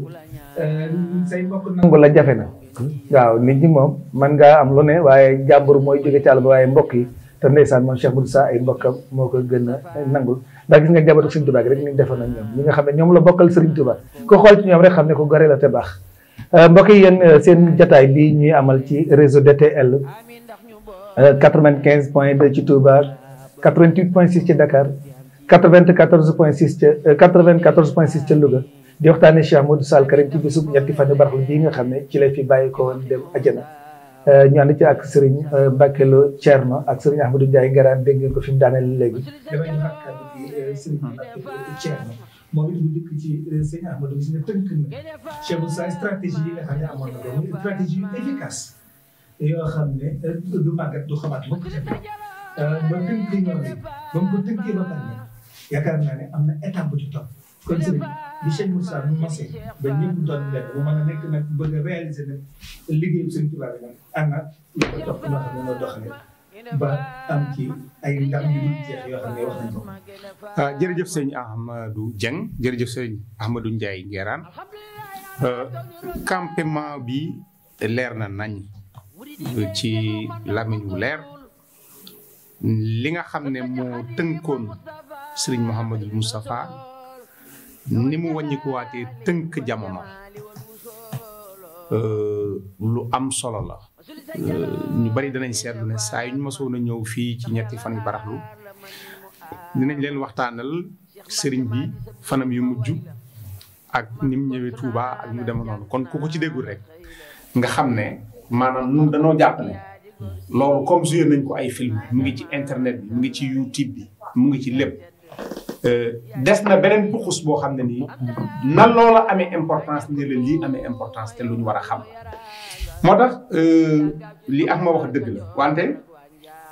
euh, say mbokk nangu la jafe na hmm? waaw nit ñi moom man ngaa am lu ne waaye jàmbur mooy jóge ci àll waaye mbokk yi te ndeysaan moom Cheikh Moussa ay mbokkam moo ko gën a nangul ndax gis nga njabootu Serigne Touba gi rek ni ñu defoon ak ñoom ñi nga xam ne ñoom la bokkal Serigne Touba ko xool ci ñoom rek ne ko gore la te baax euh, mbokk yi yéen euh, seen jataay bi ñuy amal ci réseau DTL 95 euh, point 2 ci Touba 88 point 6 ci Dakar 94 point 6 ca 94 point 6 ca Louga di waxtaanee Cheikh Modou Sall Karim ci bisub ñetti fan yu bii nga xam ne ci lay fi bàyyi ko woon dem ajana Euh, ñu ànd ci ak Serigne euh, Mbacke Lo Thierno ak Serigne Ahmadou Ndiaye Ngaraan dégg ngeen ko fi mu daaneel léegi. damay ñu àgg ak euh, Serigne Mbacke Lo Thierno moom it mu dikk ci Serigne Ahmadou gis nga tënk na Cheikh Moussa stratégie yi nga xam ne amoon na ko muy stratégie yu efficace yoo xam ne du màggat du xamaat mukk ca ba tënk li ñu ba mu ko tënkee ba pare yaakaar naa ne am na étape bu ci topp kon Serigne. li Cheikh seen tubaab yi jërëjëf sëñ Ahmadou Dieng jërëjëf sëñ Ahmadou Ndiaye Nguerane euh, campement bi leer na nañ ci lamiñ wu leer li nga xam ne moo tënkoon sëriñ Mouhamadou Moustapha ni mu wàññikuwaatee tënk jamono euh, lu am solo la. Euh, ñu bari danañ seetlu ne saa yi ñu masoon a ñëw fii ci ñetti fan yu baraxlu dinañ leen waxtaanal sëriñ bi fanam yu mujj ak ni mu ñëwee Touba ak mu dema noonu kon ku ci déggul rek nga xam ne maanaam ñun danoo jàpp ne loolu comme joué nañ ko ay film mu ngi ci internet bi mu ngi ci YouTube bi mu ngi ci lépp. Euh, des na beneen puxus boo xam ne nii na loola amee importance ne la lii amee importance te lu nu war a xam moo tax euh, lii am ma wax dëgg la wante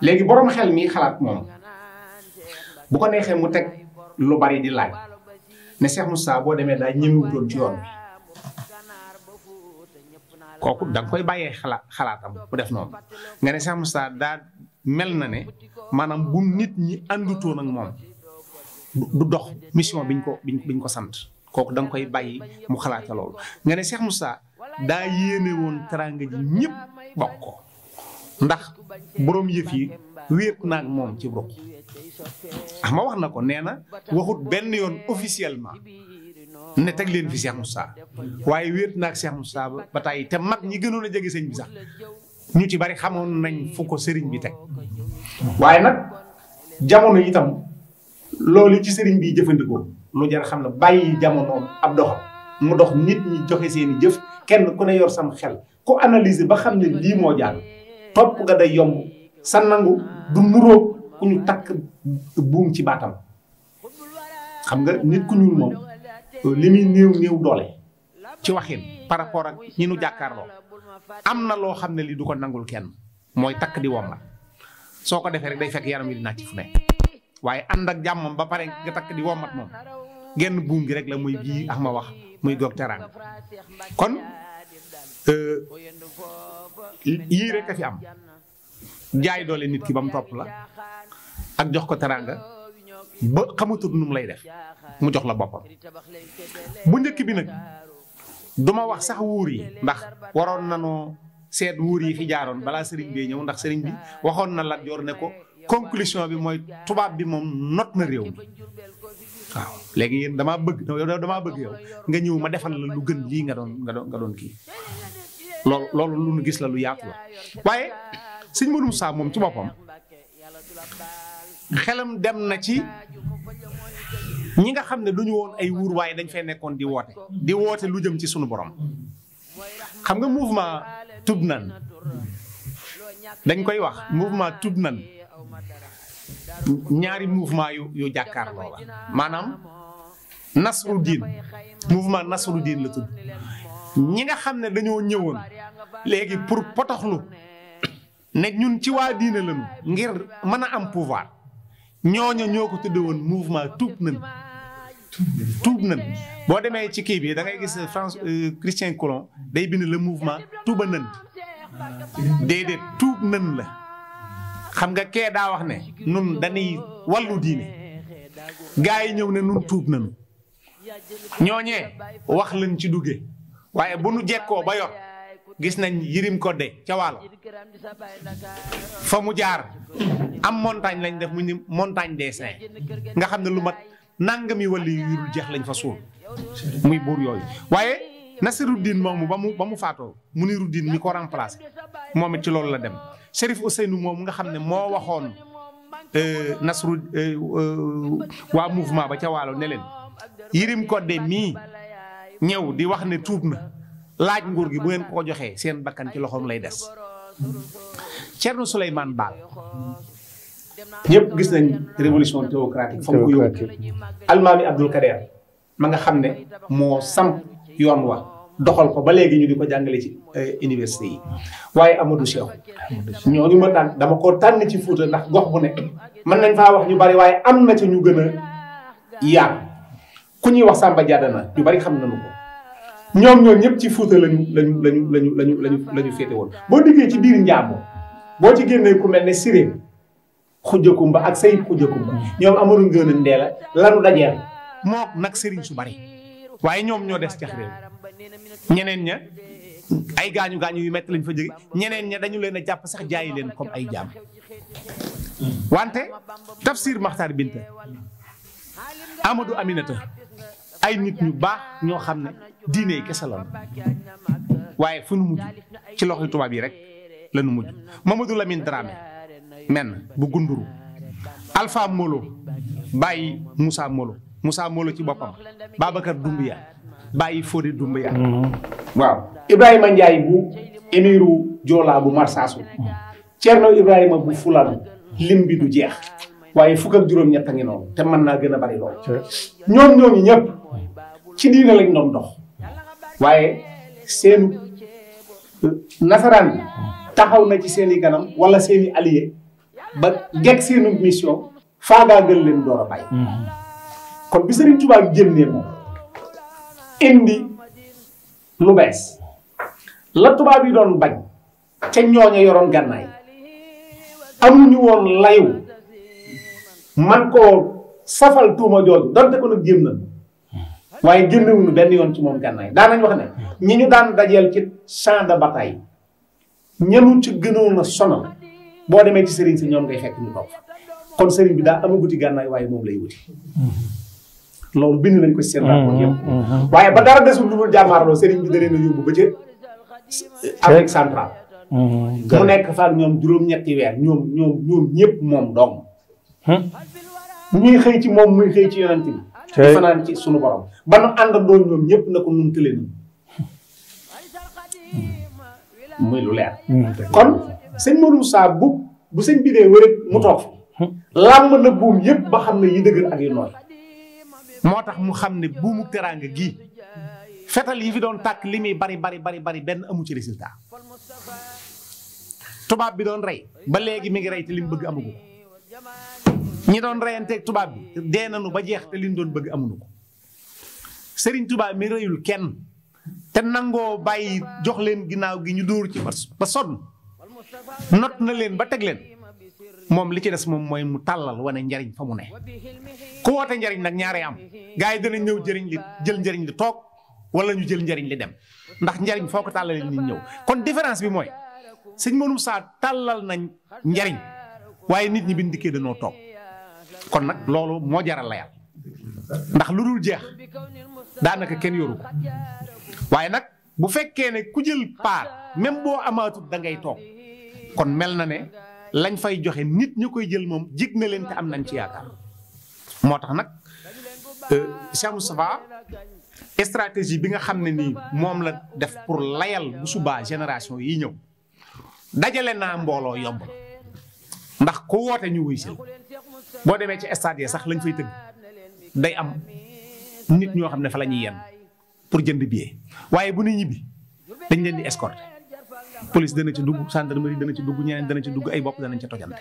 léegi boroom xel mii xalaat moom bu ko neexee mu teg lu bari di laaj ne Cheikh Moussa boo demee daal ñemewutoon ci yoon bi kooku da nga koy bàyyee xalaat xalaatam bu def noonu nga ne Cheikh Moussa daa mel na ne maanaam bu nit ñi àndutoon ak moom du dox mission biñ ko biñ biñ ko sant kooku danga koy bàyyi mu xalaate loolu nga ne Cheikh Moussa daa yéene woon teraanga ji ñëpp bokk ko ndax borom yëf yi wéet naag moom ci ruq ah ma wax na ko nee na waxut benn yoon officiellement ne teg leen fi Cheikh Moussa waaye wéet naag Cheikh Moussa ba tàyyi te mag ñi gënoon a jege sëñ bi sax ñu ci bari xamoon nañ fu ko sëriñ bi teg waaye nag jamono itam loolu ci sëriñ bi jëfandikoo lu jar xam ne bàyyi jamono ab doxam mu dox nit ñi joxe seeni jëf kenn ku ne yor sam xel ku analyser ba xam ne lii moo jàll topp ga day yomb sa nangu du nuróog ku ñu takk buum ci baatam xam nga nit ku ñuul moom li muy néew néew doole ci waxin par rapport ak ñi nu jàkkaarloo am na loo xam ne lii du ko nangul kenn mooy takk di wom la soo ko defee rek day fekk yaram wi di nàcc fu ne waaye ànd ak jàmmam ba pare nga takk di womat moom genn buum gi rek la muy gii ax ma wax muy goog teraanga kon euh, yii rek a fi am jaay doole nit ki ba mu topp la ak jox ko teraanga ba xamatut nu lay def mu jox la boppam bu njëkk bi nag duma wax sax wuur yi ndax waroon nanoo seet wuur yi fi jaaroon balaa sëriñ bee ñëw ndax sëriñ bi waxoon na Lat Joor ne ko conclusion bi mooy tubaab bi moom not na réew mi léegi yéen damaa bëgg damaa bëgg yow nga ñëw ma defal la lu gën lii nga doon nga doon nga doon kii loolu lu nu gis la lu yaatu la waaye sëñ Modou Moussa moom ci boppam xelam dem na ci ñi nga xam ne duñu woon ay wuur waaye dañ fay nekkoon di woote di woote lu jëm ci sunu borom xam nga mouvement tub nan dañ koy wax mouvement tub nan ñaari mouvement yu yu jàkkaarloo la maanaam nasru diin mouvement nasru diin la tudd ñi nga xam ne dañoo ñëwoon léegi pour potoxlu ne ñun ci waa diine lañu ngir mën a am pouvoir ñooñu ñoo ko tudde woon mouvement tuub nañ tuub nañ boo demee ci kii bi da ngay gis France euh, Christian Coulon day bind la mouvement tuuba nañ déedéet tuub nañ la xam nga kee daa wax ne nun dañuy wàllu diine gaa yi ñëw ne nun tuub nañu ñooñee wax lañ ci dugge waaye bu nu jekkoo ba yor gis nañ yirim ko de ca waalo fa mu jaar am montagne lañ def mu ñu montagne des saints nga xam ne lu mat nangami yi yu jeex lañ fa suul muy buur yooyu Nasiruddin moomu ba mu ba mu din Muniruddin mi ko remplacé moom ci loolu la dem Chérif Ousseynou moomu nga xam ne moo waxoon euh, Nasru euh, euh, waa mouvement ba ca waalo ne leen Yirim ko mii ñëw di wax ne tuub na laaj nguur gi bu ngeen ko joxee seen bakkan ci loxoom lay des. Thierno Souleymane Baal ñëpp gis nañ révolution théocratique fa mu ko almaami Abdul Kader ma nga xam ne moo samp. yoon wa doxal ko ba léegi ñu di ko jàngale ci eh, université yi waaye Amadou Cheikh ñooñu ma tànn dama ko tànn ci Fuuta ndax gox bu nekk man nañ faa wax ñu bari waaye am na ci ñu gën a yaam ku ñuy wax Samba Diadana ñu bari xam nañu ko ñoom ñëpp ci Fuuta lañu lañu lañu lañu lañu féete woon boo diggee ci biir Njaamu boo ci génnee ku mel ne Siré Xujakumba ak Sayid Xujakumba ñoom Amadou Ngën a la lanu dajeel moo nag sëriñ su bari waaye ñoom ñoo des cax réew ñeneen ña ay gaañu gaañu yu metti lañ fa jóge ñeneen ña dañu leen a jàpp sax jaayi leen comme ay jaam wante tafsir maxtaar binta amadou aminata ay nit ñu baax ñoo xam ne diine kese la waaye fu nu mujj ci loxo tubaab yi rek la nu mujj mamadou lamine dramé men bu gunduru alpha molo bàyyi moussa molo Moussa Molo ci boppam Babacar Doumbia bàyyi Fodé Doumbia. Mhm. waaw Ibrahima Ndiaye bu émiru Joola bu Marsaasu Cerno mhm. Ibrahima bu Fuladu lim bi du jeex waaye fukk juróom-ñett a ngi noonu te mën naa gën a bari lool. ñoom ñooñu ñëpp ci diina lañ doon dox waaye seen euh, nasaraan bi taxaw na ci seeni i kanam wala seen i allié ba geg seenu mission faagaagal leen door a bàyyi. Mhm. kon bi Serigne Touba génnee moom indi lu bees la tubaab yi doon bañ ca ñooña yoroon gànnaay amuñu woon layu man koo safal tuuma jooju donte ko nag jéem na waaye génnewuñu benn yoon ci moom gànnaay daan nañ wax ne ñi ñu daan dajeel ci champ de bataille ñenu ci gënoon a sonal boo demee ci sëriñ si ñoom ngay fekk ñu topp kon sëriñ bi daa amaguti gànnaay waaye moom lay wuti loolu bind nañ ko ci seen rapport mm-hmm, yëpp mm-hmm. waaye ba dara desul dul jàmmaarloo sëriñ bi da leen a yóbbu ba ca Afrique mm-hmm, mu nekk fa ñoom juróom-ñetti weer ñoom ñoom ñoom ñëpp moom doom hmm? ñuy xëy ci moom muy xëy ci yonent bi di fanaan ci sunu borom ba nu ànd doon ñoom ñëpp na ko nun tële nun hmm. muy lu leer hmm. kon sëñ Modou Moussa bu bu sëñ bi dee wërëg mu toog làmb na buum yëpp ba xam ne yi dëgër ak yu nooy moo tax mu xam ne buumu teraanga gi fetal yi fi doon tàkk li muy bari bari bari bari benn amu ci résultat tubaab bi doon rey ba léegi mi ngi rey te li mu bëgg amugu ko ñi doon reyanteeg tubaab bi dee nañu ba jeex te li ñu doon bëgg amuñu ko sëriñ Touba mi reyul kenn te nangoo bàyyi jox leen ginnaaw gi ñu dóor ci ba sonn not na leen ba teg leen. moom li ci des moom mooy mu tàllal wane njariñ fa mu ne ku woote njariñ nag ñaaree am gars yi danañ ñëw jëriñ li jël njariñ li toog wala ñu jël njariñ li dem ndax njariñ foo ko tàllalee nit ñëw kon différence bi mooy sëñ Manoum Sarr tàllal nañ njariñ waaye nit ñi bi ndikkee danoo toog kon nag loolu moo jaral la ndax lu dul jeex daanaka kenn yoru ko waaye nag bu fekkee ne ku jël paar même boo amaatut da ngay toog kon mel na ne lañ fay joxe nit ñu koy jël moom jig na leen te am nañ ci yaakaar moo tax nag euh, Cheikh Moustapha stratégie bi nga xam ne nii moom la def pour layal bu subaa génération yi ñëw dajale naa mbooloo yomb ndax ku woote ñu wuy si boo demee ci stade sax lañ fay tëgg day am nit ñoo xam ne fa lañuy ñuy yenn pour jënd billet waaye bu ñu ñibbi dañ leen di escorter. police dana ci dugg gendarmerie dana ci dugg ñeneen dana ci dugg ay bopp danañ ca tojante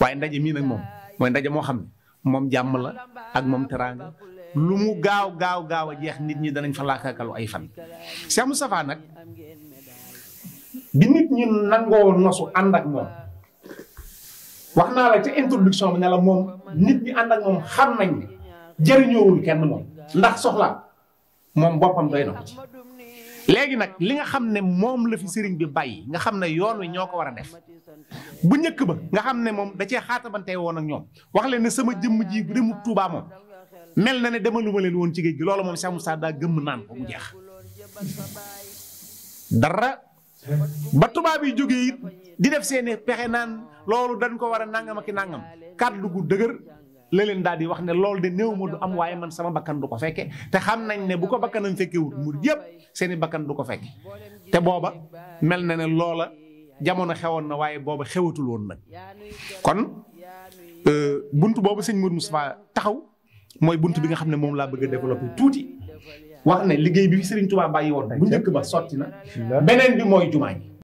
waaye ndaje mii nag moom mooy ndaje moo xam moom jàmm la ak moom lu mu gaaw gaaw gaaw a jeex nit ñi danañ fa laakaakalu ay fan. Cheikh Moustapha nag bi nit ñi nangoo nosu ànd wax naa la bi ne la moom nit ñi ànd moom xam nañ ne jëriñoowul kenn moom ndax soxla moom boppam doy na ko ci. léegi nag li nga xam ne moom la fi sëriñ bi bàyyi nga xam ne yoon wi ñoo ko war a def bu njëkk ba nga xam ne moom da cee xaatamante woon ak ñoom wax leen ne sama jëmm ji bu demul Touba moom mel na ne demaluma leen woon ci géej gi loolu moom sax mu Moussa daa gëmm naan ko mu jeex. dara ba tubaab yi jógee di def seeni pexe naan loolu dañ ko war a nangam ak i nangam kàddu gu dëgër. la leen daal di wax ne loolu de néew du am waaye man sama bakkan du ko fekke te xam nañ ne bu ko bakkanam fekkewut mu yëpp seeni bakkan du ko fekke te booba mel na ne loola jamono xewoon na waaye booba xewatul woon nag kon euh, bunt boobu sëñ Mourou Moustapha taxaw mooy bunt bi nga xam ne moom laa bëgg a développé tuuti wax ne liggéey bi fi Serigne Touba bàyyi woon bu njëkk ba sotti na beneen bi mooy jumaa ji